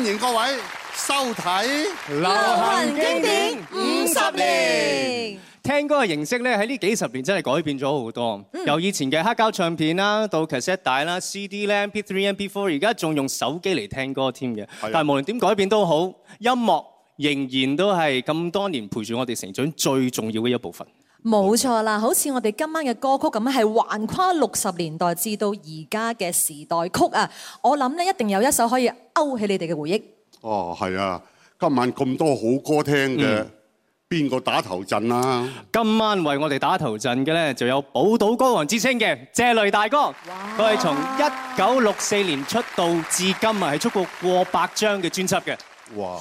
歡迎各位收睇流行經典五十年。聽歌嘅形式咧，喺呢幾十年真係改變咗好多。由以前嘅黑膠唱片啦，到卡式帶啦，CD 咧，MP3、MP4，而家仲用手機嚟聽歌添嘅。但係無論點改變都好，音樂仍然都係咁多年陪住我哋成長最重要嘅一部分。冇錯啦，好似我哋今晚嘅歌曲咁，係橫跨六十年代至到而家嘅時代曲啊！我諗咧一定有一首可以勾起你哋嘅回憶。哦，係啊！今晚咁多好歌聽嘅，邊、嗯、個打頭陣啊？今晚為我哋打頭陣嘅咧，就有寶島歌王之稱嘅謝雷大哥。哇！佢係從一九六四年出道至今啊，係出過過百張嘅專輯嘅。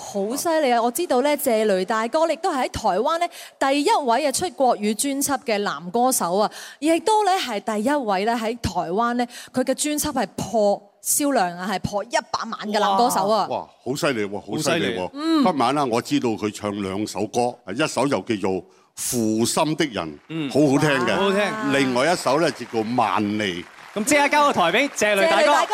好犀利啊！我知道咧，謝雷大哥，亦都係喺台灣咧第一位嘅出國語專輯嘅男歌手啊，亦都咧係第一位咧喺台灣咧，佢嘅專輯係破銷量啊，係破一百萬嘅男歌手啊！哇！好犀利喎，好犀利喎！嗯，今晚啊！我知道佢唱兩首歌，一首又叫做《負心的人》，好好聽嘅，好聽。另外一首咧叫做《萬利》。咁即刻交個台俾謝雷大哥。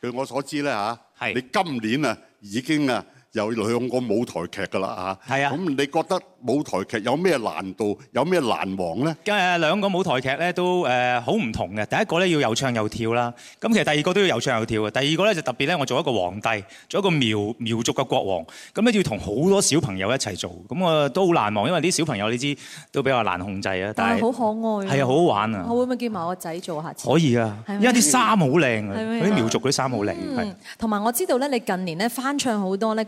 據我所知呢，你今年啊已經啊～有兩個舞台劇㗎啦嚇，咁你覺得舞台劇有咩難度，有咩難忘咧？兩個舞台劇咧都誒好唔同嘅。第一個咧要有唱有跳啦，咁其實第二個都要有唱有跳嘅。第二個咧就特別咧，我做一個皇帝，做一個苗苗族嘅國王，咁咧要同好多小朋友一齊做，咁啊都好難忘，因為啲小朋友你知都比較難控制啊。但係好可愛。係啊，好好玩啊！我會唔會見埋我仔做下？可以啊，因為啲衫好靚啊，啲苗族嗰啲衫好靚。嗯，同埋我知道咧，你近年咧翻唱好多咧。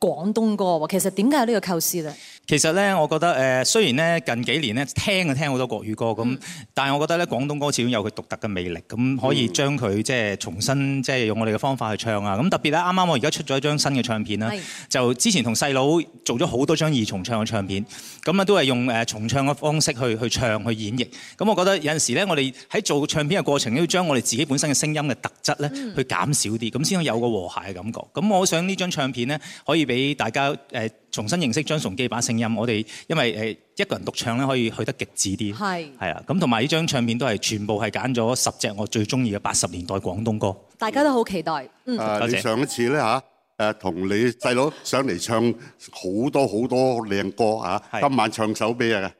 廣東歌，其實點解有呢個構思咧？其實咧，我覺得誒、呃，雖然咧近幾年咧聽就聽好多國語歌咁、嗯，但係我覺得咧廣東歌始終有佢獨特嘅魅力，咁可以將佢、嗯、即係重新即係用我哋嘅方法去唱啊！咁特別咧，啱啱我而家出咗一張新嘅唱片啦，就之前同細佬做咗好多張二重唱嘅唱片，咁啊都係用、呃、重唱嘅方式去去唱去演繹。咁我覺得有陣時咧，我哋喺做唱片嘅過程都要將我哋自己本身嘅聲音嘅特質咧、嗯、去減少啲，咁先有個和諧嘅感覺。咁我想呢張唱片咧可以俾大家、呃重新認識張崇基把聲音，我哋因為誒一個人獨唱咧可以去得極致啲，係係啊，咁同埋呢張唱片都係全部係揀咗十隻我最中意嘅八十年代廣東歌，大家都好期待。誒，你上一次咧嚇誒同你細佬上嚟唱好多好多靚歌嚇，今晚唱首咩啊？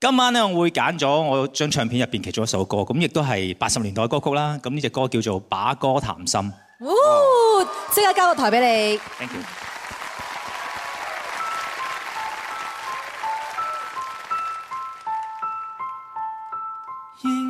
今晚咧我會揀咗我張唱片入邊其中一首歌，咁亦都係八十年代歌曲啦。咁呢隻歌叫做《把歌談心》。哦，即刻交個台俾你。Thank you。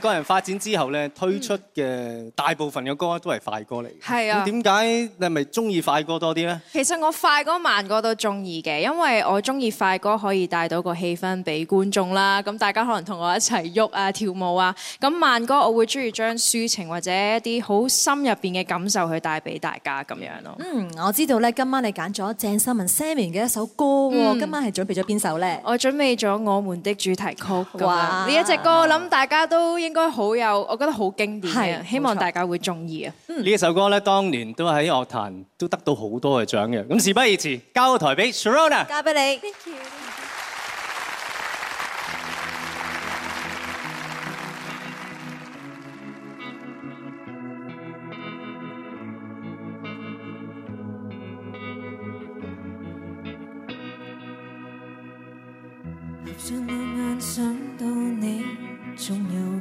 個人發展之後咧，推出嘅大部分嘅歌都係快歌嚟。係啊，點解你係咪中意快歌多啲咧？其實我快歌慢歌都中意嘅，因為我中意快歌可以帶到個氣氛俾觀眾啦。咁大家可能同我一齊喐啊跳舞啊。咁慢歌我會中意將抒情或者一啲好深入邊嘅感受去帶俾大家咁樣咯。嗯，我知道咧，今晚你揀咗鄭秀文 Sammy 嘅一首歌。喎、嗯。今晚係準備咗邊首咧？我準備咗我們的主題曲。哇！呢一隻歌，我諗大家都。應該好有，我覺得好經典嘅，希望大家會中意啊！呢首歌咧，當年都喺樂壇都得到好多嘅獎嘅。咁事不宜遲，交個台俾 Serena，交俾你。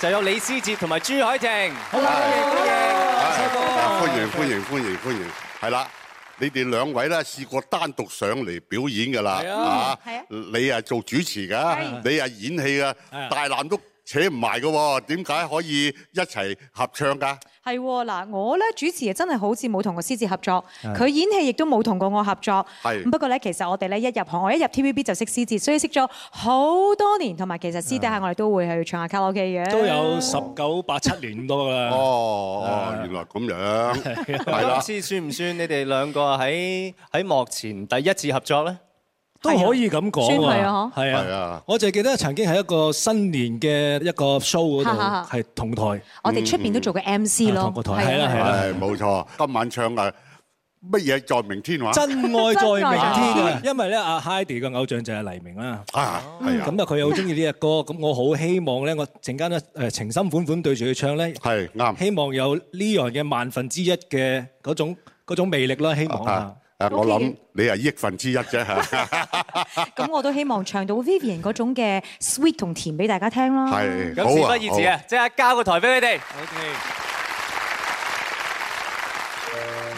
就有李思捷同埋朱凱婷，好啦，歡迎，歡迎，歡迎，歡迎，歡迎，係啦，你哋兩位呢試過單獨上嚟表演㗎啦，啊，啊，你係做主持㗎、啊，你係演戲㗎、啊啊，大男主。扯唔埋㗎喎？點解可以一齊合唱㗎？係嗱，我咧主持係真係好似冇同個獅子合作，佢演戲亦都冇同過我合作。係，不過咧，其實我哋咧一入行，我一入 T V B 就識獅子，所以識咗好多年，同埋其實私底下我哋都會去唱下卡拉 OK 嘅。都有十九八七年咁多啦。 哦，原來咁樣。係啦。師算唔算你哋兩個喺喺幕前第一次合作咧？都可以咁講喎，係啊！我就記得曾經喺一個新年嘅一個 show 嗰度，係同台。我哋出面都做過 MC 咯，同個台，係啦，係冇錯。今晚唱啊乜嘢在明天話？真愛在明天。 明天天因為咧，阿 Hidy 嘅偶像就係黎明啦。啊，係啊。咁啊，佢又好中意呢隻歌。咁我好希望咧，我陣間咧情深款款對住佢唱咧，係啱。希望有呢樣嘅萬分之一嘅嗰種嗰種魅力啦，希望啊。Okay. 我諗你係億分之一啫，咁 我都希望唱到 Vivian 嗰種嘅 sweet 同甜俾大家聽啦。係，事不宜遲啊。好啊。好啊。即刻交個台俾你哋。Okay. Uh...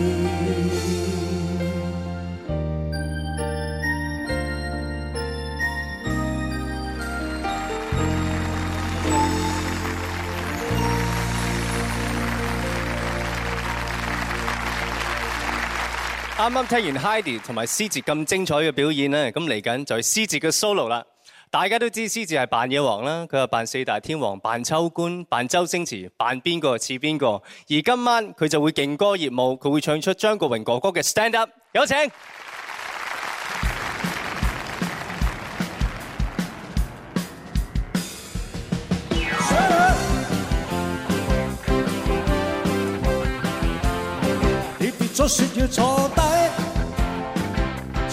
啱啱聽完 Heidi 同埋思捷咁精彩嘅表演咧，咁嚟緊就係思捷嘅 solo 啦。大家都知思捷係扮嘢王啦，佢係扮四大天王，扮秋官，扮周星馳，扮邊個似邊個，而今晚佢就會勁歌熱舞，佢會唱出張國榮哥哥嘅 Stand Up，有請。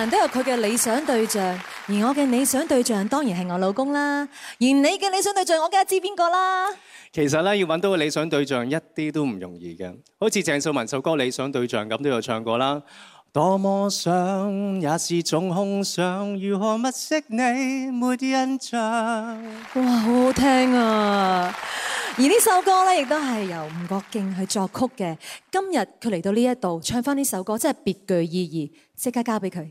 人都有佢嘅理想對象，而我嘅理想對象當然係我老公啦。而你嘅理想對象，我梗係知邊個啦。其實咧，要揾到個理想對象一啲都唔容易嘅，好似鄭秀文首歌《理想對象》咁都有唱過啦。多麼想也是種空想，如何物色你沒印象？哇，好好聽啊！而呢首歌咧，亦都係由吳國敬去作曲嘅。今日佢嚟到呢一度唱翻呢首歌，真係別具意義。即刻交俾佢。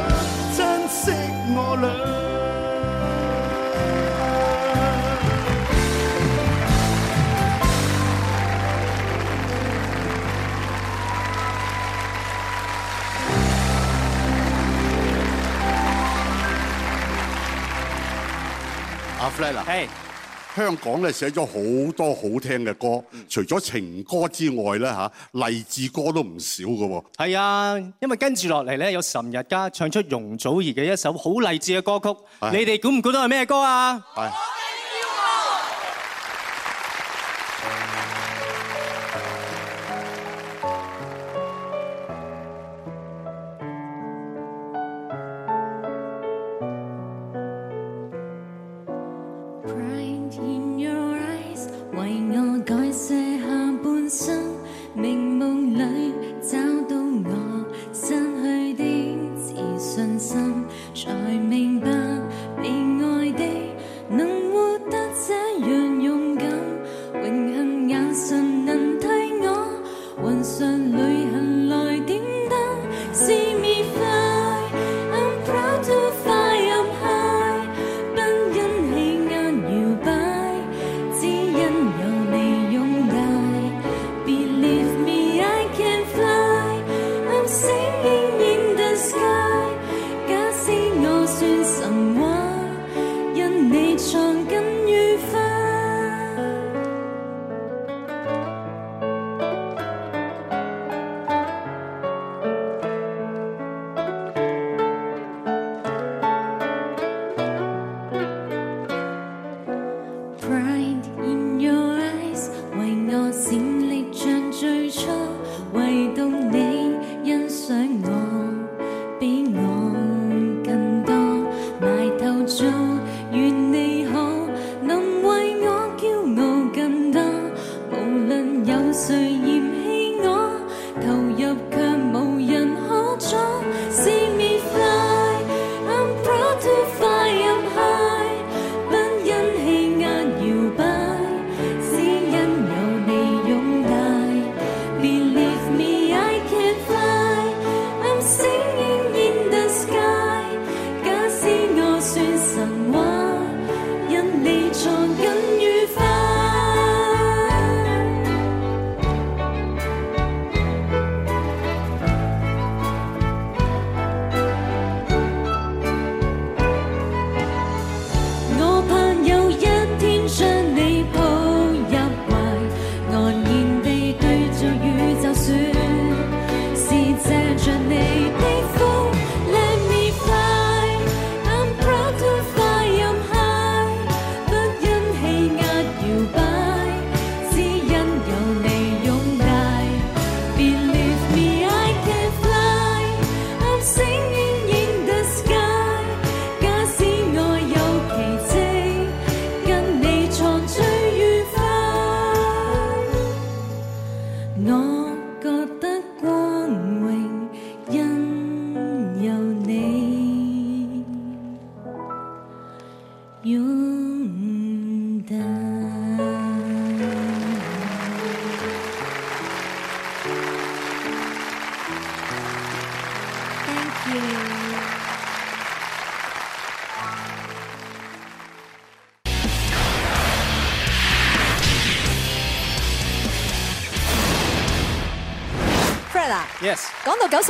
係，香港咧寫咗好多好聽嘅歌，除咗情歌之外咧嚇，勵志歌都唔少嘅喎。係啊，因為跟住落嚟咧，有岑日珈唱出容祖兒嘅一首好勵志嘅歌曲，係你哋估唔估到係咩歌啊？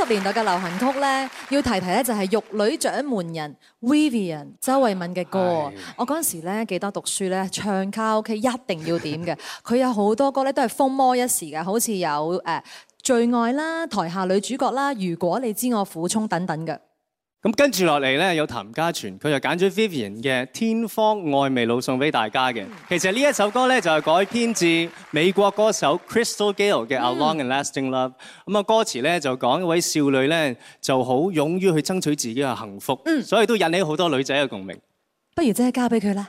十年代嘅流行曲咧，要提提咧就係、是《玉女掌門人》Vi vian 周慧敏嘅歌。我嗰陣時咧記得讀書咧，唱卡 OK 一定要點嘅。佢 有好多歌咧都係風魔一時嘅，好似有誒、呃《最愛》啦、台下女主角啦、如果你知我苦衷等等嘅。咁跟住落嚟咧，有譚嘉荃，佢就揀咗 Vivian 嘅《天方愛未老》送俾大家嘅。其實呢一首歌咧，就係改編自美國歌手 Crystal Gayle 嘅《A Long and Lasting Love》。咁啊，歌詞咧就講一位少女咧就好勇於去爭取自己嘅幸福，所以都引起好多女仔嘅共鳴。不如真係交俾佢啦。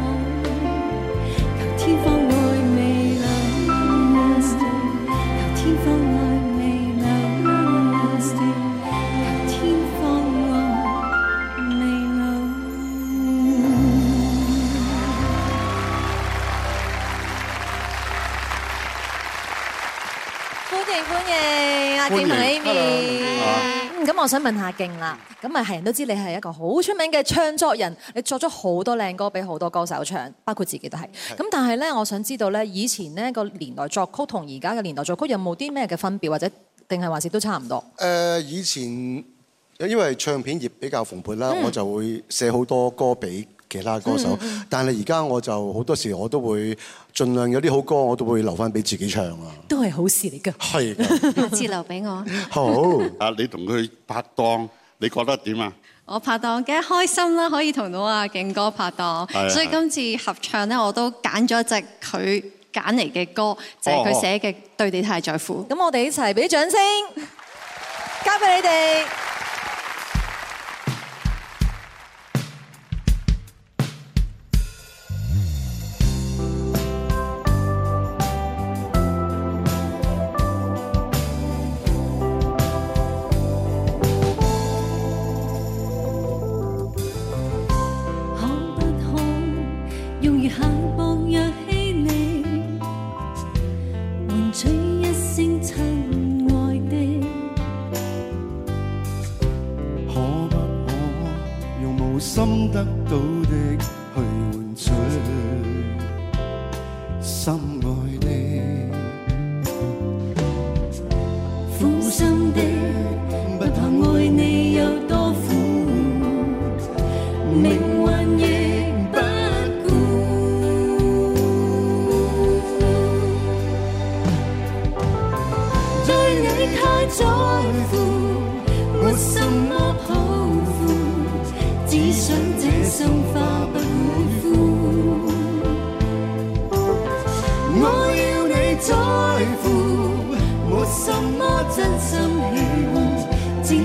我想問下勁啦，咁咪係人都知你係一個好出名嘅唱作人，你作咗好多靚歌俾好多歌手唱，包括自己都係。咁但係呢，我想知道呢，以前呢個年代作曲同而家嘅年代作曲有冇啲咩嘅分別，或者定係還是都差唔多？誒，以前因為唱片業比較蓬勃啦，我就會寫好多歌俾。其他歌手，但係而家我就好多時我都會盡量有啲好歌，我都會留翻俾自己唱啊！都係好事嚟㗎，下次留俾我。好啊， 你同佢拍檔，你覺得點啊？我拍檔梗係開心啦，可以同到阿敬哥拍檔，所以今次合唱咧，我都揀咗一隻佢揀嚟嘅歌，就係、是、佢寫嘅《對你太在乎》。咁我哋一齊俾啲掌聲，交俾你哋。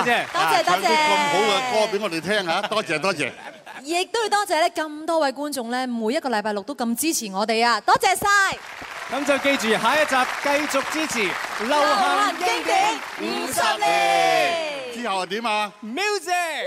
多謝多謝，唱啲咁好嘅歌俾我哋聽嚇，多謝多謝。亦都要多謝咧，咁多位觀眾咧，每一個禮拜六都咁支持我哋啊，多謝晒！咁就記住下一集繼續支持流行經典五十年，之後係點啊？Music。